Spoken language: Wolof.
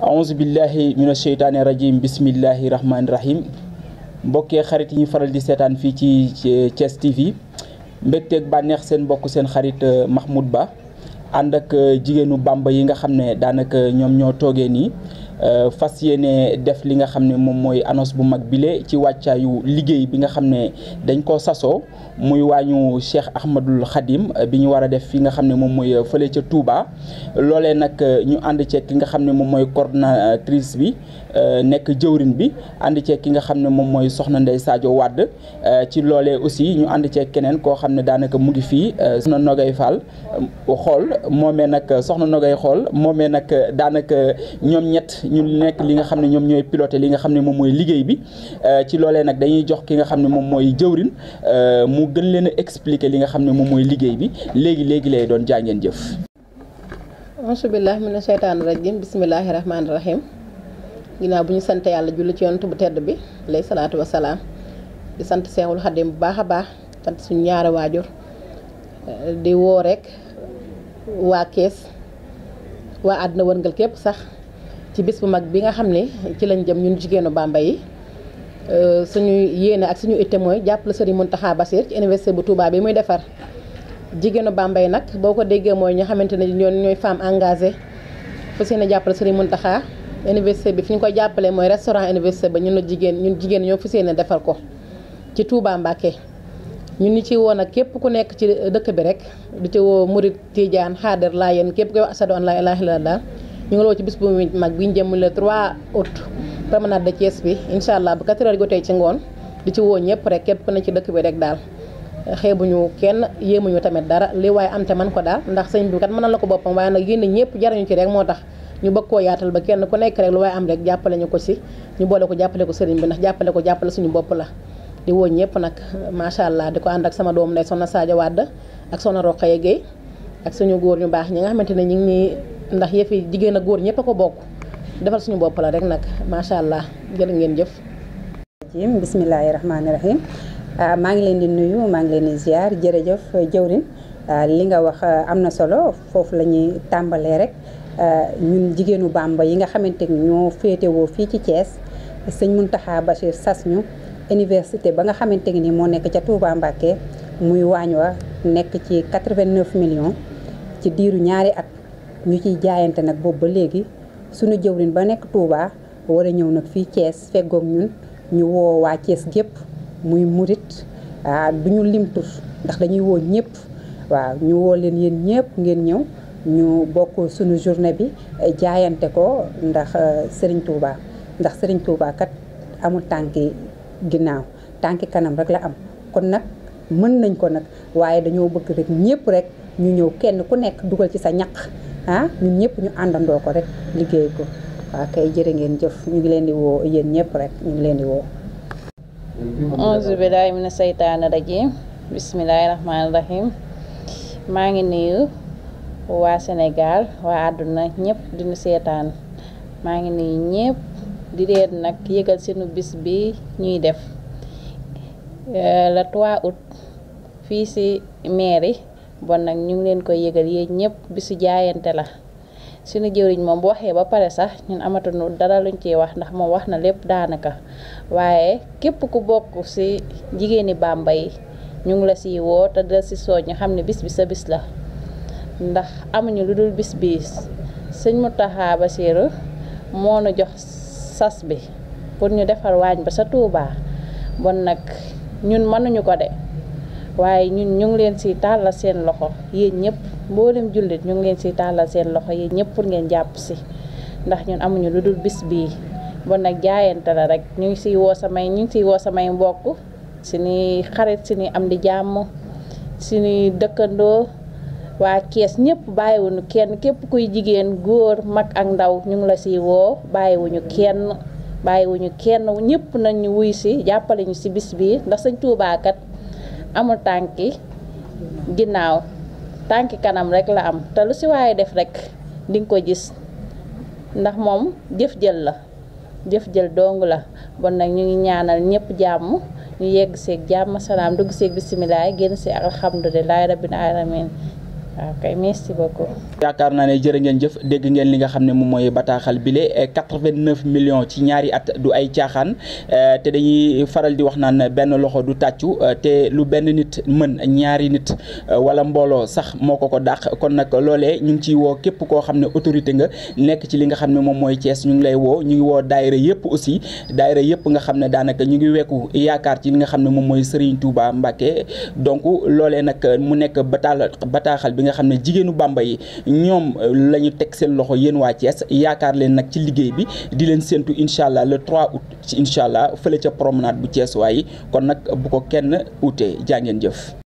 aouzu billahi mina sheytaani rajim bismillahi rahmaani rahim mbokke xarit yi ñu faral di seetaan fii ci Thiès TV teg bànneex seen mbokk seen xarit euh, Mahmoud Ba ànd ak euh, jigéenu Bamba yi nga xam ne daanaka euh, ñoom ñoo toogee nii Euh, fas yéene def li nga xam ne moom mooy annonce bu mag bile ci wàccaayu liggéey bi nga xam ne dañ koo sasoo muy waañu Cheikh Ahmadul Khadim euh, bi ñu war a def fi nga xam ne moom mooy euh, fële ca Touba loolee nag ñu ànd ceeg ki nga xam ne moom mooy coordinatrice bi nekk jëwrin bi ànd ceeg ki nga xam ne moom mooy soxna Ndey Sadio Wade ci loole aussi ñu ànd ceeg keneen koo xam ne daanaka mu ngi fii soxna Nogay Fall xool moomee nag soxna Nogay xool moomee nag daanaka ñoom ñett ñu nekk li nga xam ne ñoom ñooy piloté li nga xam ne moom mooy liggéey bi euh, ci loolee nag dañuy jox ki nga xam ne moom mooy jëwrin euh, mu gën leen a expliquer li nga xam ne moom mooy liggéey bi léegi léegi lay doon jàngeen jëf ngeen jëf asubillah mina sheytaani rajim bisimilahi rahmaani rahim ginaaw bu ñu sant yàlla julli ci yonent bu tedd bi lay salaatu wa salaam di sant seexul xadim bu baax a baax sant suñu ñaari waajur euh, di woo rek waa kees waa àddina wërngal képp sax ci bis bu mag bi nga xam ne ci lañ jëm ñun jigéenu bàmba yi euh, suñu yéene ak suñu ite mooy jàppale mun Mountakha Bassir ci université bu Touba bi muy defar jigéenu bàmba yi nag boo ko déggee mooy ñi xamante ne ñoon ñooy femme engagée fa seen jàppale Serigne Mountakha université bi fi ñu koy jàppale mooy restaurant université ba ñun jigéen ñun jigéen ñoo fa seen defar ko ci Touba Mbacké ñun ñi ci woo nag képp ku nekk ci dëkk bi rek du ci woo Murid Tidiane Xaadir Laayeen képp koy wax asadu an laa la daal ñu ngi la woo ci bis bu mag bi ñu jëm le 3 août promenade de Thiès bi incha allah bu 4 heures jotee ci ngoon di ci woo ñëpp rek képp ku ci dëkk bi rek daal ñu kenn ñu tamit dara li waaye am te man ko daal ndax sëñ bi kat na la ko boppam waaye nag yéen ñëpp jariñu ci rek moo tax ñu bëgg koo yaatal ba kenn ku nekk rek lu waaye am rek jàppale ñu ko si ñu boole ko jàppale ko sëriñ bi ndax jàppale ko jàppale suñu bopp la di ñëpp nag macha allah di ko ànd ak sama doom ndey soxna Sadio Wade ak soxna Roqaye Gueye ak suñu góor ñu baax ñi nga xamante ne ñu ngi ndax yëf yi jigéen ak góor ñëpp a ko bokk defal suñu bopp la rek nag macha allah jërë ngeen jëf. bismillaahi rahmaani rahiim ah, maa ngi leen di nuyu maa ngi leen di ziar jërëjëf jëwrin ah, li nga wax ah, am na solo foofu la ñuy tàmbalee rek ñun jigéenu Bamba yi nga xamante ni ñoo féetewoo fii ci Thiès sëñ Mountakha Bachir sas ñu université ba nga xamante ni moo nekk ca Touba Mbacké muy waañ wa nekk ci 89 millions ci diiru ñaari at. ñu ciy jaayante nag boobu ba léegi suñu jëwriñ ba nekk Touba war ñëw nag fii Thiès feggoog ñun ñu woowaa waa gépp muy murit ah du ñu limtur ndax dañuy woo ñëpp waaw ñu woo leen yéen ñëpp ngeen ñëw ñu bokk suñu journée bi jaayante ko ndax euh, Serigne Touba ndax Serigne Touba kat amul tànki ginnaaw tànki kanam rek la am kon nag mën nañ ko nag waaye dañoo bëgg rek ñëpp rek ñu ñëw kenn ku nekk dugal ci sa ñaq ah ñun ñepp ñu andando ko rek liggey ko wa kay jere ngeen jëf ñu ngi leen di wo yeen ñepp rek ñu ngi leen di wo auzubillahi billahi mina seytaani rajim bismillahi rahmaani ngi nuyu wa senegal wa aduna ñepp di ñu setan ma ngi nuyu ñepp di leen nak yegal seenu bis bi ñuy def euh, la 3 août fi ci mairie bon nag ñu ngi leen ko yëgal yéen ñëpp bisu jaayante la suñu jëwriñ moom bu waxee ba pare sax ñun amatunu dara luñ ciy wax ndax moom wax na lépp daanaka waaye képp ku bokk ci jigéeni Bamba yi ñu ngi la siy woo te dal si sooñ ñu xam ne bis bi sa bis la ndax amuñu lu dul bis bii sëñ Mountakha Bassirou moo nu jox sas bi pour ñu defar waañ ba sa Tuubaa bon nag ñun mënuñu ko de waaye ñun ñu leen si tàllal seen loxo yéen ñëpp mboolem jullit ñu ngi leen si tàllal seen loxo yéen ñëpp pour ngeen jàpp si ndax ñun amuñu lu dul bis bii bon nag jaayante rek ñu ngi siy woo samay ñu ngi siy woo samay mbokk suñu xarit suñu am di jàmm suñu dëkkandoo waa kees ñëpp bàyyiwuñu kenn képp kuy jigéen góor mag ak ndaw ñu ngi la siy woo bàyyiwuñu kenn bàyyiwuñu kenn ñëpp nañ ñu wuy si jàppale ñu si bis bii ndax sañ tuubaakat amul tànki ginnaaw tànki kanam rekk la am te lu si waaye def rek di nga ko gis ndax moom jëf jël la jëf jël dong la bon nag ñu ngi ñaanal ñëpp jàmm ñu yegg seeg jàmm salaam dugg seeg bisimilah génn si alhamdulilah rabbil alamin ok merci beaucoup. yaakaar naa ne jërë ngeen jëf dégg ngeen li nga xam ne moom mooy bataaxal bile 89 eh, millions ci ñaari at du ay caaxaan eh, te dañuy faral di wax naa ne benn loxo du tàccu eh, te lu benn nit mën ñaari nit wala mbooloo sax moo ko ko dàq kon nag loole ñu ngi ciy woo képp koo xam ne autorité nga nekk ci li nga xam ne moom mooy cees ñu ngi lay woo ñu ngi woo daayira yëpp aussi daayira yëpp nga xam ne daanaka ñu ngi wekku yaakaar ci li nga xam ne moom mooy Serigne Touba Mbacké donc loolee nag mu nekk bataaxal nga xam ne jigéenu Bamba yi ñoom euh, la ñu teg seen loxo yéen waa cees yaakaar leen nag ci liggéey bi di leen séentu incha allah le 3 août ci incha allah fële ca promenade bu Thiès waaye kon nag bu ko kenn ute jaa ngeen jëf.